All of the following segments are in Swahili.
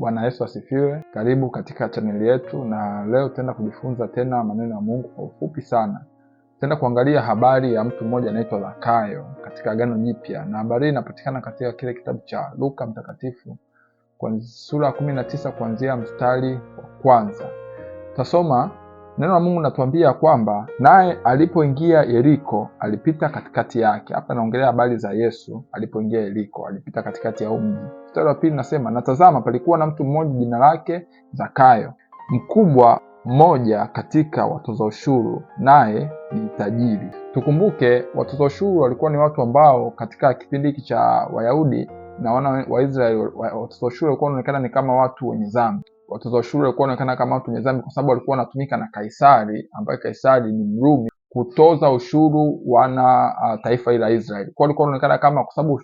Bwana Yesu asifiwe. Karibu katika chaneli yetu, na leo tutaenda kujifunza tena maneno ya Mungu kwa ufupi sana. Tutaenda kuangalia habari ya mtu mmoja anaitwa Zakayo katika Agano Jipya, na habari hii inapatikana katika kile kitabu cha Luka Mtakatifu sura ya kumi na tisa kuanzia mstari wa kwanza. Tutasoma neno la Mungu natuambia kwamba naye alipoingia Yeriko alipita katikati yake. Hapa naongelea habari za Yesu alipoingia Yeriko, alipita katikati ya mji Mstari wa pili nasema, natazama palikuwa na mtu mmoja jina lake Zakayo, mkubwa mmoja katika watoza ushuru, naye ni tajiri. Tukumbuke watoza ushuru walikuwa ni watu ambao katika kipindi hiki cha Wayahudi na wana waisrael watoza ushuru walikuwa wanaonekana ni kama watu wenye zambi Watoza ushuru walikuwa wanaonekana kama watu wenye zambi kwa sababu walikuwa wanatumika na Kaisari, ambaye Kaisari ni Mrumi, kutoza ushuru wana uh, taifa hili la Israeli. Kwa walikuwa wanaonekana kama, kwa sababu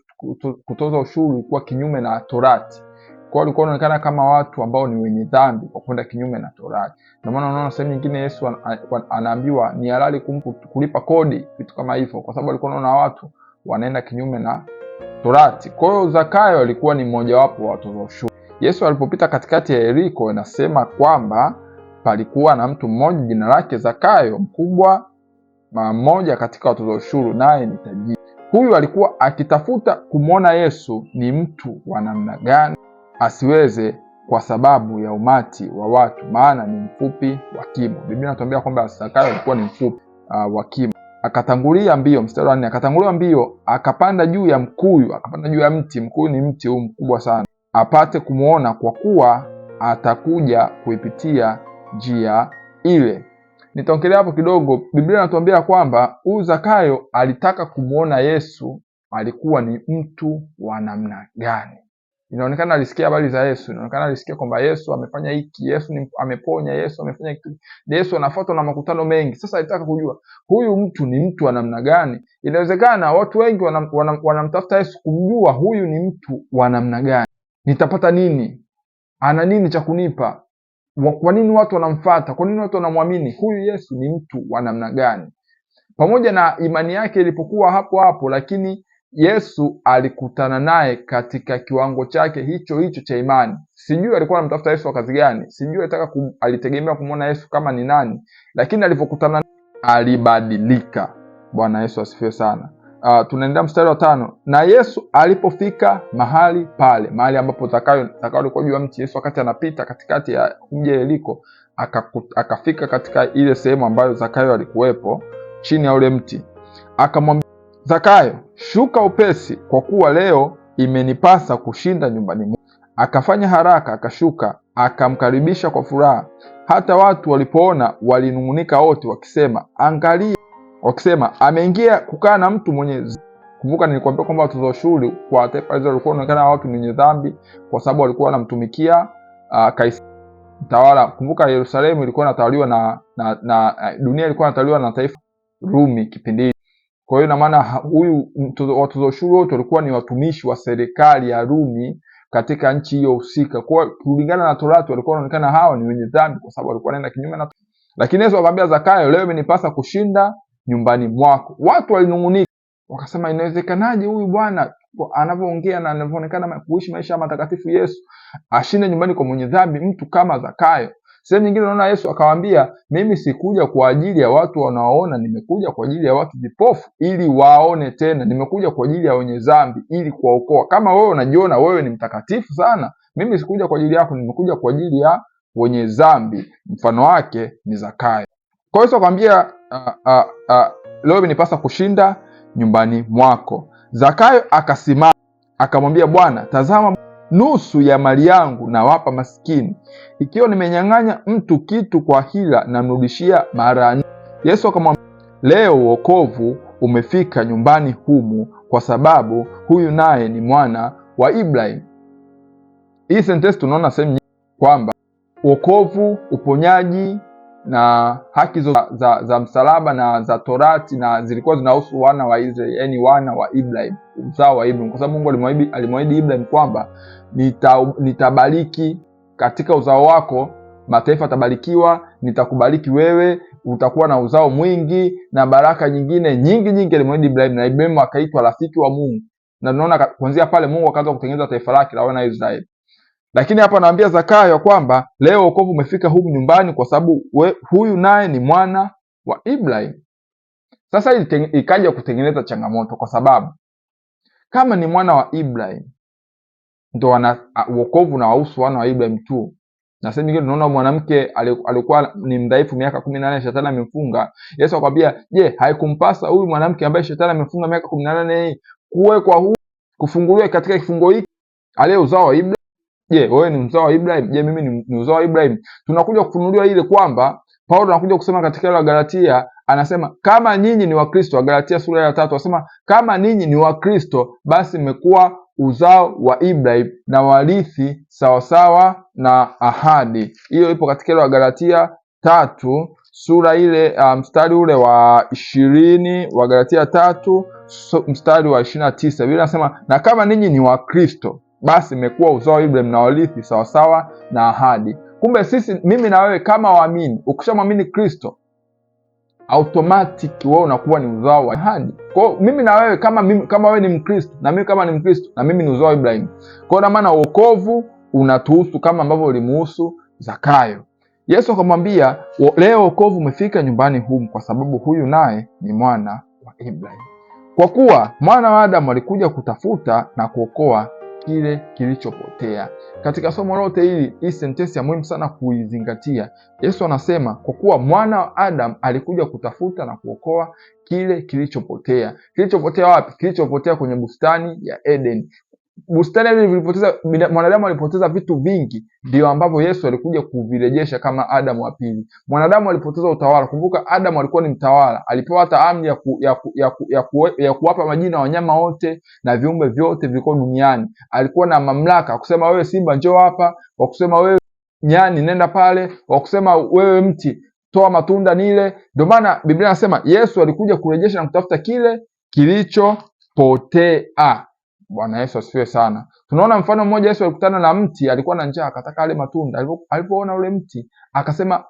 kutoza ushuru kuwa kinyume na Torati. Kwa walikuwa wanaonekana kama watu ambao ni wenye dhambi kwa kwenda kinyume na Torati. Ndio maana unaona sehemu nyingine Yesu anaambiwa ni halali kulipa kodi, vitu kama hivyo, kwa sababu walikuwa wanaona watu wanaenda kinyume na Torati. Kwa hiyo Zakayo alikuwa ni mmojawapo wa watoza ushuru. Yesu alipopita katikati ya Yeriko, inasema kwamba palikuwa na mtu mmoja jina lake Zakayo, mkubwa mmoja katika watoza ushuru, naye ni tajiri. Huyu alikuwa akitafuta kumwona Yesu ni mtu wa namna gani asiweze, kwa sababu ya umati wa watu, maana ni mfupi wa kimo. Biblia inatuambia kwamba Zakayo alikuwa ni mfupi uh, wa kimo. Akatangulia mbio, mstari wa nne, akatangulia mbio akapanda juu ya mkuyu, akapanda juu ya mti. Mkuyu ni mti huu mkubwa sana, apate kumwona, kwa kuwa atakuja kuipitia njia ile. Nitaongelea hapo kidogo. Biblia inatuambia kwamba huyu Zakayo alitaka kumwona Yesu alikuwa ni mtu wa namna gani. Inaonekana alisikia habari za Yesu, inaonekana alisikia kwamba Yesu amefanya hiki, Yesu ni, ameponya, Yesu amefanya kitu, Yesu anafuatwa na makutano mengi. Sasa alitaka kujua huyu mtu ni mtu wa namna gani. Inawezekana watu wengi wanamtafuta wana, wana Yesu kumjua huyu ni mtu wa namna gani, nitapata nini, ana nini cha kunipa kwa nini watu wanamfata? Kwa nini watu wanamwamini? Huyu Yesu ni mtu wa namna gani? Pamoja na imani yake ilipokuwa hapo hapo, lakini Yesu alikutana naye katika kiwango chake hicho hicho cha imani. Sijui alikuwa anamtafuta Yesu wa kazi gani, sijui alitaka kum, alitegemea kumwona Yesu kama ni nani, lakini alipokutana alibadilika. Bwana Yesu asifiwe sana uh, ah, tunaendea mstari wa tano. Na Yesu alipofika mahali pale, mahali ambapo Zakayo alikuwa juu ya mti, Yesu wakati anapita katikati ya mji Yeriko, akafika katika ile sehemu ambayo Zakayo alikuwepo chini ya ule mti, akamwambia Zakayo, shuka upesi, kwa kuwa leo imenipasa kushinda nyumbani mwangu. Akafanya haraka, akashuka, akamkaribisha kwa furaha. Hata watu walipoona walinung'unika wote, wakisema, angalia wakisema ameingia kukaa na mtu mwenye Kumbuka nilikwambia kwamba watoza ushuru kwa taifa hizo walikuwa wanaonekana watu wenye dhambi, kwa sababu walikuwa wanamtumikia uh, ah, Kaisa tawala. Kumbuka Yerusalemu ilikuwa inatawaliwa na, na, na eh, dunia ilikuwa inatawaliwa na taifa Rumi kipindi. Kwa hiyo na maana huyu watoza ushuru wote walikuwa ni watumishi wa serikali ya Rumi katika nchi hiyo husika. Kwa kulingana na Torati walikuwa wanaonekana hawa ni wenye dhambi, kwa sababu walikuwa wanaenda kinyume na. Lakini Yesu akamwambia Zakayo, leo imenipasa kushinda nyumbani mwako. Watu walinung'unika, wakasema inawezekanaje huyu bwana anavyoongea na anavyoonekana kuishi maisha matakatifu Yesu ashinde nyumbani kwa mwenye dhambi, mtu kama Zakayo? Sehemu nyingine unaona Yesu akawaambia, mimi sikuja kwa ajili ya watu wanaoona, nimekuja kwa ajili ya watu vipofu ili waone tena, nimekuja kwa ajili ya wenye dhambi ili kuwaokoa. Kama wewe unajiona wewe ni mtakatifu sana, mimi sikuja kwa ajili yako, nimekuja kwa ajili ya wenye dhambi. Mfano wake ni Zakayo. Kwa hiyo Yesu akamwambia uh, uh, leo imenipasa kushinda nyumbani mwako. Zakayo akasimama akamwambia Bwana, tazama, nusu ya mali yangu nawapa maskini, ikiwa nimenyang'anya mtu kitu kwa hila, namrudishia mara nne. Yesu akamwambia, leo wokovu umefika nyumbani humu, kwa sababu huyu naye ni mwana wa Ibrahimu. Hii sentensi tunaona sehemu nyingi kwamba wokovu, uponyaji na haki za, za, za msalaba na za Torati na zilikuwa zinahusu wana wa Israeli, yani wana wa Ibrahim, uzao wa Ibrahim, kwa sababu Mungu alimwahidi Ibrahim kwamba nita, nitabariki katika uzao wako mataifa atabarikiwa, nitakubariki wewe, utakuwa na uzao mwingi na baraka nyingine nyingi nyingi, alimwahidi Ibrahim, na Ibrahim akaitwa rafiki wa Mungu, na tunaona kuanzia pale Mungu akaanza kutengeneza taifa lake la wana wa Israeli. Lakini hapa anaambia Zakayo kwamba leo wokovu umefika humu nyumbani kwa sababu huyu naye ni mwana wa Ibrahim. Sasa ikaja kutengeneza changamoto, kwa sababu kama ni mwana wa Ibrahim ndo wana wokovu na wahusu wana wa Ibrahim tu na sehemu nyingine tunaona mwanamke alikuwa ni mdhaifu miaka kumi na nane shetani amemfunga. Yesu akamwambia, je, haikumpasa huyu mwanamke ambaye shetani amemfunga miaka kumi na nane kuwekwa huru, kufunguliwa katika kifungo hiki aliye uzao wa Ibrahim? Je, yeah, wewe ni mzao wa Ibrahim? Je, yeah, mimi ni mzao wa Ibrahim? Tunakuja kufunuliwa ile kwamba Paulo anakuja kusema katika ile Galatia, anasema kama nyinyi ni Wakristo, Galatia sura ya tatu anasema kama ninyi ni Wakristo, basi mmekuwa uzao wa Ibrahim na warithi sawasawa na ahadi. Hiyo ipo katika ile Galatia tatu sura ile ah, mstari um, ule wa ishirini wa Galatia tatu mstari wa ishirini na tisa na kama ninyi ni Wakristo basi imekuwa uzao Ibrahim na sawasawa na ahadi. Kumbe sisi, mimi na wewe kama waamini, ukishamwamini Kristo automatic wewe unakuwa ni uzao wa ahadi. Kwa hiyo mimi na wewe kama mimi, kama wewe ni Mkristo na mimi kama ni Mkristo na mimi ni uzao wa Ibrahim. Kwa hiyo maana wokovu unatuhusu kama ambavyo ulimuhusu Zakayo. Yesu akamwambia leo wokovu umefika nyumbani humu, kwa sababu huyu naye ni mwana wa Ibrahim, kwa kuwa mwana wa Adamu alikuja kutafuta na kuokoa kile kilichopotea. Katika somo lote hili, hii sentensi ya muhimu sana kuizingatia. Yesu anasema kwa kuwa mwana wa Adamu alikuja kutafuta na kuokoa kile kilichopotea. Kilichopotea wapi? Kilichopotea kwenye bustani ya Eden bustani ile ilipoteza mwanadamu alipoteza vitu vingi, ndio ambavyo Yesu alikuja kuvirejesha kama Adamu wa pili. Mwanadamu alipoteza utawala. Kumbuka Adamu alikuwa ni mtawala, alipewa hata amri ya, ku, ya, ku, ya, ku, ya, ku, ya kuwapa majina wanyama wote na viumbe vyote viko duniani. Alikuwa na mamlaka kusema wewe simba njoo hapa, wakusema wewe nyani nenda pale, wakusema wewe mti toa matunda nile. Ndio maana Biblia inasema Yesu alikuja kurejesha na kutafuta kile kilichopotea. Bwana Yesu asifiwe sana. Tunaona mfano mmoja, Yesu alikutana na mti, alikuwa na njaa, akataka ale matunda. Alipoona ule mti akasema,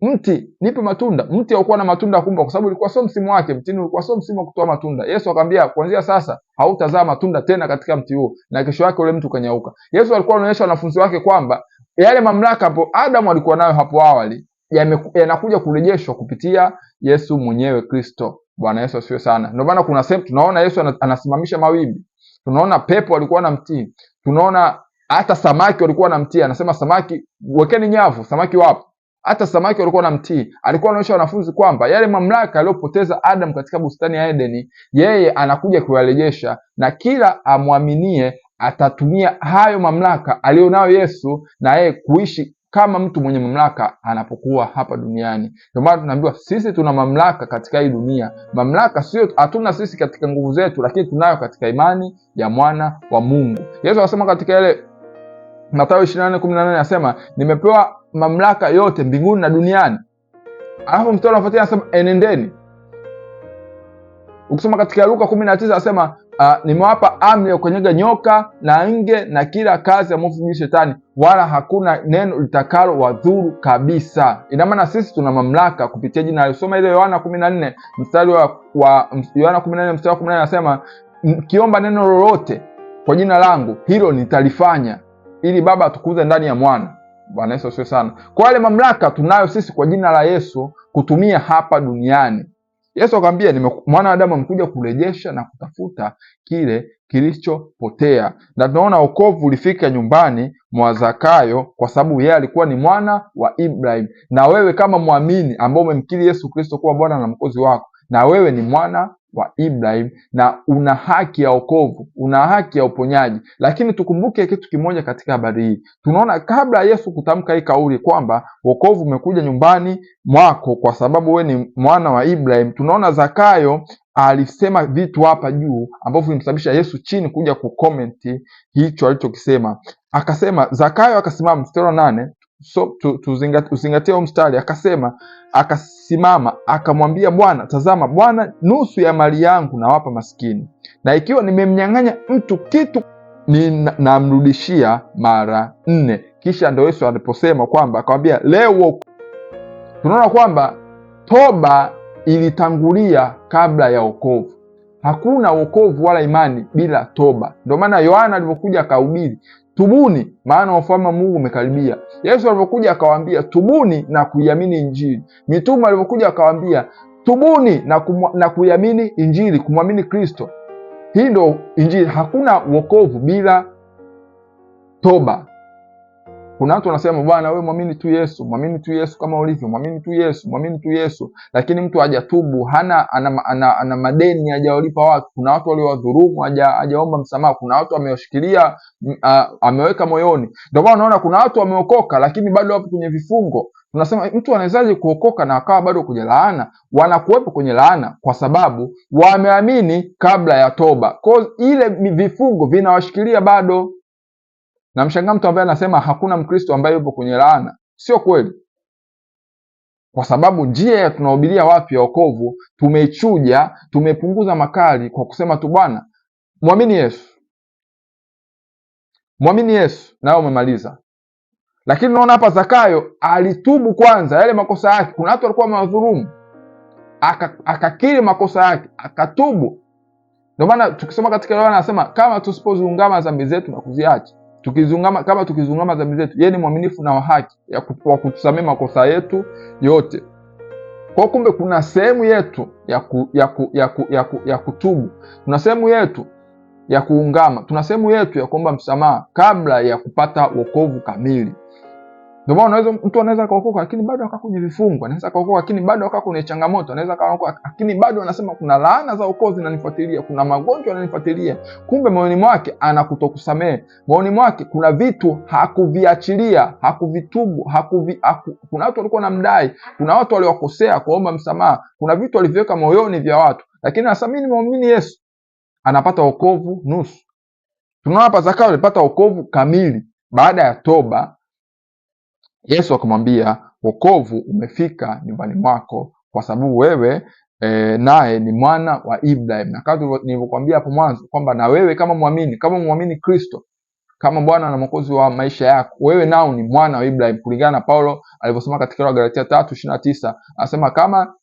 mti nipe matunda. Mti haukuwa na matunda kumbe, kwa sababu ilikuwa sio msimu wake. Mtini ulikuwa sio msimu wa kutoa matunda. Yesu akamwambia, kuanzia sasa hautazaa matunda tena katika mti huo, na kesho yake ule mti ukanyauka. Yesu alikuwa anaonyesha wanafunzi wake kwamba yale mamlaka ambayo Adamu alikuwa nayo hapo awali yanakuja ya kurejeshwa kupitia Yesu mwenyewe Kristo. Bwana Yesu asifiwe sana. Ndio maana kuna sehemu tunaona Yesu anasimamisha mawimbi tunaona pepo walikuwa na mtii tunaona hata samaki walikuwa na mtii Anasema samaki, wekeni nyavu, samaki wapo. Hata samaki walikuwa na mtii Alikuwa anaonyesha wanafunzi kwamba yale mamlaka aliyopoteza Adam katika bustani ya Edeni, yeye anakuja kuyarejesha, na kila amwaminie atatumia hayo mamlaka aliyonayo Yesu na yeye kuishi kama mtu mwenye mamlaka anapokuwa hapa duniani. Ndio maana tunaambiwa sisi tuna mamlaka katika hii dunia. Mamlaka sio hatuna sisi katika nguvu zetu, lakini tunayo katika imani ya mwana wa Mungu. Yesu akasema katika ile Mathayo 24:18 anasema nimepewa mamlaka yote mbinguni na duniani. Alafu mstari unafuatia anasema enendeni. Ukisoma katika Luka 19 anasema uh, nimewapa amri ya kukanyega nyoka na nge na kila kazi ya mwovu juu shetani, wala hakuna neno litakalo wadhuru kabisa. Ina maana sisi tuna mamlaka kupitia jina. Alisoma ile Yohana 14 mstari wa Yohana 14 mstari wa 14 anasema mkiomba neno lolote kwa jina langu hilo nitalifanya, ili Baba atukuze ndani ya Mwana. Bwana Yesu asifiwe sana. Kwa yale mamlaka tunayo sisi kwa jina la Yesu kutumia hapa duniani. Yesu akamwambia mwanadamu amekuja kurejesha na kutafuta kile kilichopotea, na tunaona wokovu ulifika nyumbani mwa Zakayo kwa sababu yeye alikuwa ni mwana wa Ibrahim. Na wewe kama mwamini ambao umemkiri Yesu Kristo kuwa Bwana na Mwokozi wako, na wewe ni mwana wa Ibrahim na una haki ya wokovu, una haki ya uponyaji. Lakini tukumbuke kitu kimoja katika habari hii, tunaona kabla Yesu kutamka hii kauli kwamba wokovu umekuja nyumbani mwako kwa sababu we ni mwana wa Ibrahim, tunaona Zakayo alisema vitu hapa juu ambavyo vilimsababisha Yesu chini kuja kukomenti hicho alichokisema. Akasema Zakayo akasimama mstari wa nane so, tuzingatie huu mstari akasema, akasimama akamwambia Bwana, tazama Bwana, nusu ya mali yangu nawapa maskini, na ikiwa nimemnyang'anya mtu kitu ninamrudishia mara nne. Kisha ndo Yesu aliposema kwamba akamwambia leo. Tunaona kwamba toba ilitangulia kabla ya wokovu. Hakuna wokovu wala imani bila toba. Ndio maana Yohana alivyokuja akahubiri tubuni, maana ufalme wa Mungu umekaribia. Yesu alipokuja akawaambia tubuni na kuiamini Injili. Mitume alipokuja akawaambia tubuni na, na kuiamini Injili, kumwamini Kristo. Hii ndo Injili. Hakuna wokovu bila toba. Kuna watu wanasema bwana, wewe mwamini tu Yesu, mwamini tu Yesu kama ulivyo, mwamini tu Yesu, mwamini tu Yesu, lakini mtu hajatubu, hana ana, ana, ana madeni hajawalipa watu. Kuna watu waliowadhurumu hajaomba msamaha, kuna watu ameoshikilia ameweka moyoni. Ndio maana unaona kuna watu wameokoka, lakini bado wapo kwenye vifungo. Tunasema mtu anawezaje kuokoka na akawa bado kwenye laana? Wanakuwepo kwenye laana kwa sababu wameamini kabla ya toba, kwa ile vifungo vinawashikilia bado na mshangaa mtu ambaye anasema hakuna Mkristo ambaye yupo kwenye laana. Sio kweli, kwa sababu njia ya tunahubiria wapi ya wokovu tumeichuja, tumepunguza makali kwa kusema tu bwana, mwamini Yesu, mwamini Yesu nawe umemaliza. Lakini unaona hapa Zakayo alitubu kwanza yale makosa yake. Kuna watu walikuwa wamewadhulumu, akakiri aka makosa yake, akatubu. Ndio maana tukisoma katika Yohana anasema kama tusipoziungama dhambi zetu na kuziacha tukizungama kama tukizungama dhambi zetu, yeye ni mwaminifu na wa haki wa kutusamehe makosa yetu yote. Kwa kumbe, kuna sehemu yetu ya, ku, ya, ku, ya, ku, ya, ku, ya kutubu, tuna sehemu yetu ya kuungama, tuna sehemu yetu ya kuomba msamaha kabla ya kupata wokovu kamili. Ndio maana unaweza mtu anaweza kaokoka lakini bado akaa kwenye vifungo, anaweza kaokoka lakini bado akaa kwenye changamoto, anaweza kaokoka lakini bado anasema kuna laana za ukoo zinanifuatilia, kuna magonjwa yananifuatilia. Kumbe moyoni mwake ana kutokusamehe, moyoni mwake kuna vitu hakuviachilia, hakuvitubu, hakuvi, haku, kuna watu walikuwa namdai, kuna watu waliwakosea kuomba msamaha, kuna vitu alivyoweka moyoni vya watu, lakini anasema mimi nimeamini Yesu, anapata wokovu nusu. Tunaona hapa Zakayo alipata wokovu kamili baada ya toba Yesu akamwambia, wokovu umefika nyumbani mwako kwa sababu wewe e, naye ni mwana wa Ibrahim. Na kama nilivyokuambia hapo mwanzo kwamba na wewe kama mwamini, kama mwamini Kristo kama Bwana na Mwokozi wa maisha yako, wewe nao ni mwana wa Ibrahim, kulingana na Paulo alivyosema katika galatia tatu na tisa anasema kama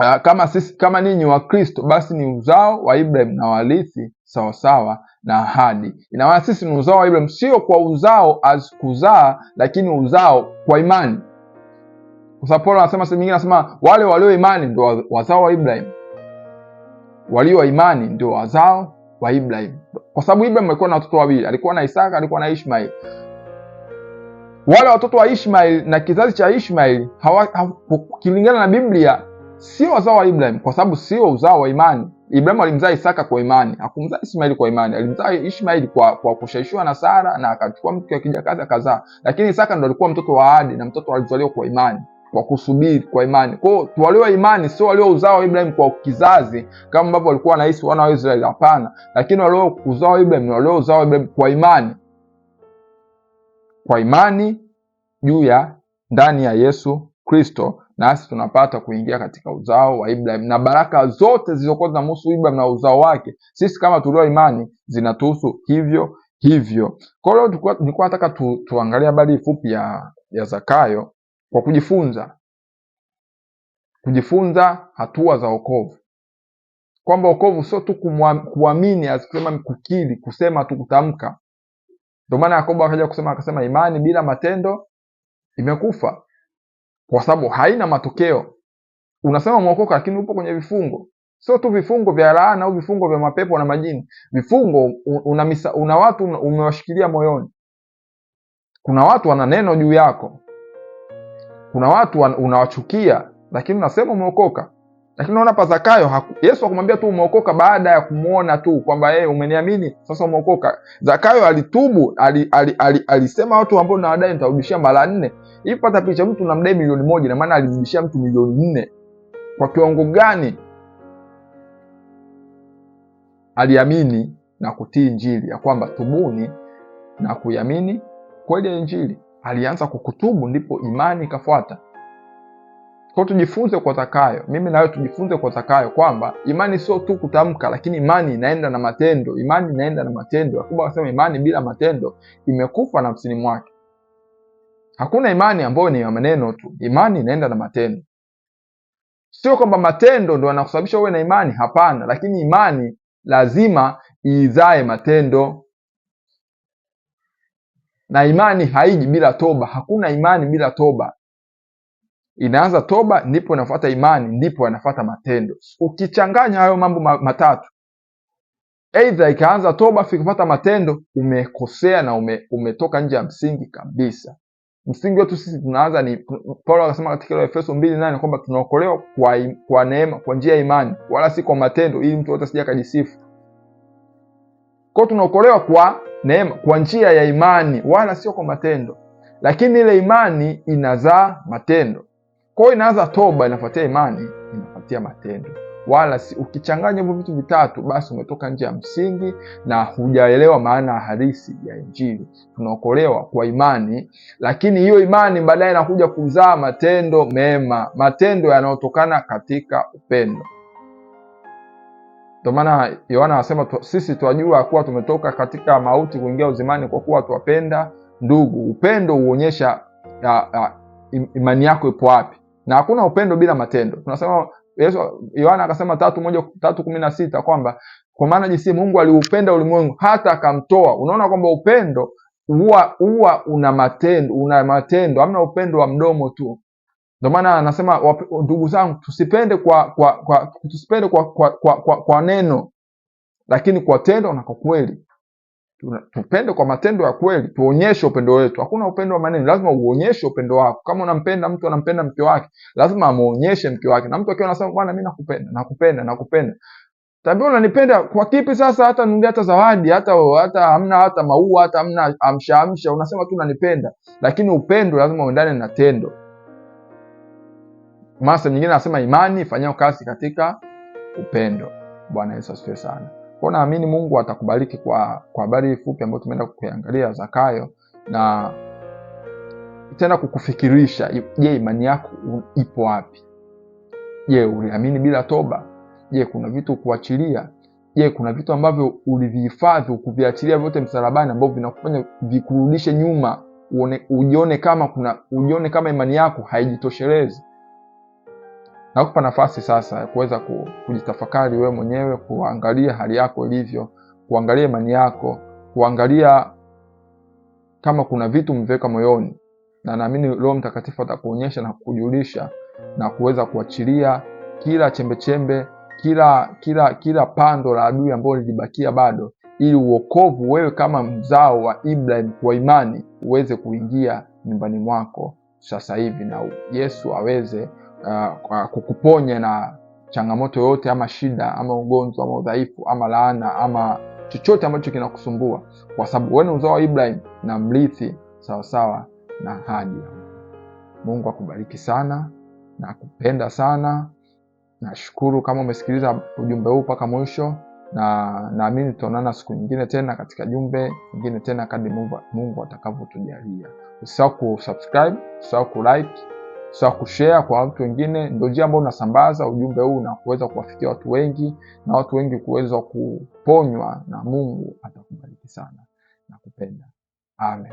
Ah, kama sisi kama ninyi wa Kristo, basi ni uzao wa Ibrahim na warithi sawasawa na ahadi. Ina maana sisi ni uzao wa Ibrahim, sio kwa uzao kuzaa, lakini uzao kwa imani, kwa sababu Paulo anasema sehemu nyingine, anasema wale walio imani ndio wazao wa Ibrahim, walio imani ndio wazao wa Ibrahim, kwa sababu Ibrahim alikuwa na watoto wawili, alikuwa na Isaka, alikuwa na Ishmaeli. Wale watoto wa Ishmaeli na kizazi cha Ishmaeli kilingana na Biblia sio wazao wa Ibrahim kwa sababu sio uzao wa imani. ibrahim alimzaa Isaka kwa imani, hakumzaa Ismaili kwa imani. Alimzaa Ishmaeli kwa, kwa kushawishiwa na Sara na akachukua mke wa kijakazi akazaa, lakini Isaka ndo alikuwa mtoto wa ahadi na mtoto alizaliwa kwa imani kwa kusubiri kwa imani. Kwa hiyo walio imani sio walio uzao wa Ibrahim kwa kizazi kama ambavyo walikuwa wanaishi wana wa Israeli, hapana, lakini walio uzao wa Ibrahim ni walio uzao wa Ibrahim kwa imani, kwa imani juu ya ndani ya Yesu Kristo, nasi tunapata kuingia katika uzao wa Ibrahim, na baraka zote zilizokuwa zinamhusu Ibrahim na uzao wake, sisi kama tulio imani zinatuhusu hivyo hivyo. Kwa hiyo leo nilikuwa nataka tu, tuangalie habari fupi ya, ya Zakayo kwa kujifunza kujifunza hatua za wokovu, kwamba wokovu sio tu kuamini, asema kukiri, kusema tu, kutamka. Ndio maana Yakobo akaja kusema akasema, imani bila matendo imekufa kwa sababu haina matokeo. Unasema umeokoka, lakini upo kwenye vifungo, sio tu vifungo vya laana au vifungo vya mapepo na majini. Vifungo una, misa, una watu umewashikilia moyoni. Kuna watu wana neno juu yako, kuna watu unawachukia, lakini unasema umeokoka lakini unaona pa Zakayo haku, Yesu akumwambia tu umeokoka baada ya kumwona tu kwamba yeye umeniamini sasa umeokoka. Zakayo alitubu, alisema ali, ali, ali, watu ambao nawadai nitarudishia mara nne. Hivi pata picha, mtu namdai milioni moja, namaana maana alirudishia mtu milioni nne. Kwa kiwango gani aliamini na kutii Injili ya kwamba tubuni na kuiamini kweli ya Injili. Alianza kukutubu, ndipo imani ikafuata. Kwa tujifunze kwa Zakayo, mimi nawe tujifunze kwa Zakayo kwamba imani sio tu kutamka, lakini imani inaenda na matendo. Imani inaenda na matendo. Yakobo anasema imani bila matendo imekufa nafsini mwake. Hakuna imani ambayo ni ya maneno tu, imani inaenda na matendo. Sio kwamba matendo ndo yanakusababisha uwe na imani, hapana, lakini imani lazima iizae matendo, na imani haiji bila toba. Hakuna imani bila toba inaanza toba, ndipo inafuata imani, ndipo anafuata matendo. Ukichanganya hayo mambo matatu, aidha ikaanza toba fikifuata matendo, umekosea na ume, umetoka nje ya msingi kabisa. Msingi wetu sisi tunaanza ni Paulo akasema katika ile Efeso 2:8 kwamba tunaokolewa kwa, kwa neema kwa njia ya imani wala si kwa matendo, ili mtu yote asije akajisifu. Kwa tunaokolewa kwa neema kwa njia ya imani wala sio kwa matendo, lakini ile imani inazaa matendo. Kwa hiyo inaanza toba, inafuatia imani, inafuatia matendo. Wala si ukichanganya hivyo vitu vitatu, basi umetoka nje ya msingi na hujaelewa maana ya halisi ya Injili. Tunaokolewa kwa imani, lakini hiyo imani baadaye inakuja kuzaa matendo mema, matendo yanayotokana katika upendo. Ndio maana Yohana anasema sisi twajua kuwa tumetoka katika mauti kuingia uzimani kwa kuwa twapenda ndugu. Upendo huonyesha imani yako ipo wapi na hakuna upendo bila matendo. Tunasema Yesu Yohana akasema tatu moja tatu kumi na sita kwamba kwa maana jinsi Mungu aliupenda ulimwengu hata akamtoa. Unaona kwamba upendo huwa huwa una matendo, una matendo, hamna upendo wa mdomo tu. Ndio maana anasema ndugu zangu, tusipende kwa kwa, kwa tusipende kwa kwa, kwa, kwa, kwa neno, lakini kwa tendo na kwa kweli tupende kwa matendo ya kweli, tuonyeshe upendo wetu. Hakuna upendo wa maneno, lazima uonyeshe upendo wako. Kama unampenda mtu, anampenda mke wake, lazima amuonyeshe mke wake. Na mtu akiwa anasema bwana, mimi nakupenda, nakupenda, nakupenda, tabia unanipenda kwa kipi? Sasa hata nuli, hata zawadi, hata hata hamna, hata maua, hata hamna amsha amsha, unasema tu unanipenda, lakini upendo lazima uendane na tendo. Masa nyingine anasema imani ifanyayo kazi katika upendo. Bwana Yesu asifiwe sana. Kwa naamini Mungu atakubariki kwa kwa habari fupi ambayo tumeenda kuiangalia Zakayo na tena kukufikirisha, je, imani yako ipo wapi? Je, uliamini bila toba? Je, kuna vitu kuachilia? Je, kuna vitu ambavyo ulivihifadhi ukuviachilia vyote msalabani ambavyo vinakufanya vikurudishe nyuma, uone, ujione kama kuna ujione kama imani yako haijitoshelezi. Nakupa nafasi sasa ya kuweza kujitafakari wewe mwenyewe, kuangalia hali yako ilivyo, kuangalia imani yako, kuangalia kama kuna vitu umeweka moyoni, na naamini Roho Mtakatifu atakuonyesha na kujulisha na kuweza kuachilia kila chembechembe -chembe, kila kila kila pando la adui ambalo lilibakia bado, ili uokovu wewe kama mzao wa Ibrahim kwa imani uweze kuingia nyumbani mwako sasa hivi na Yesu aweze uh, kukuponya na changamoto yoyote ama shida ama ugonjwa ama udhaifu ama laana ama chochote ambacho kinakusumbua, kwa sababu wewe ni uzao wa Ibrahim na mrithi sawasawa na ahadi. Mungu akubariki sana na kupenda sana. Nashukuru kama umesikiliza ujumbe huu mpaka mwisho, na naamini tutaonana siku nyingine tena katika jumbe nyingine tena kadri Mungu, Mungu atakavyotujalia. Usisahau kusubscribe, usisahau kulike so kushare kwa watu wengine, ndio njia ambayo unasambaza ujumbe huu na kuweza kuwafikia watu wengi na watu wengi kuweza kuponywa, na Mungu atakubariki sana na kupenda. Amen.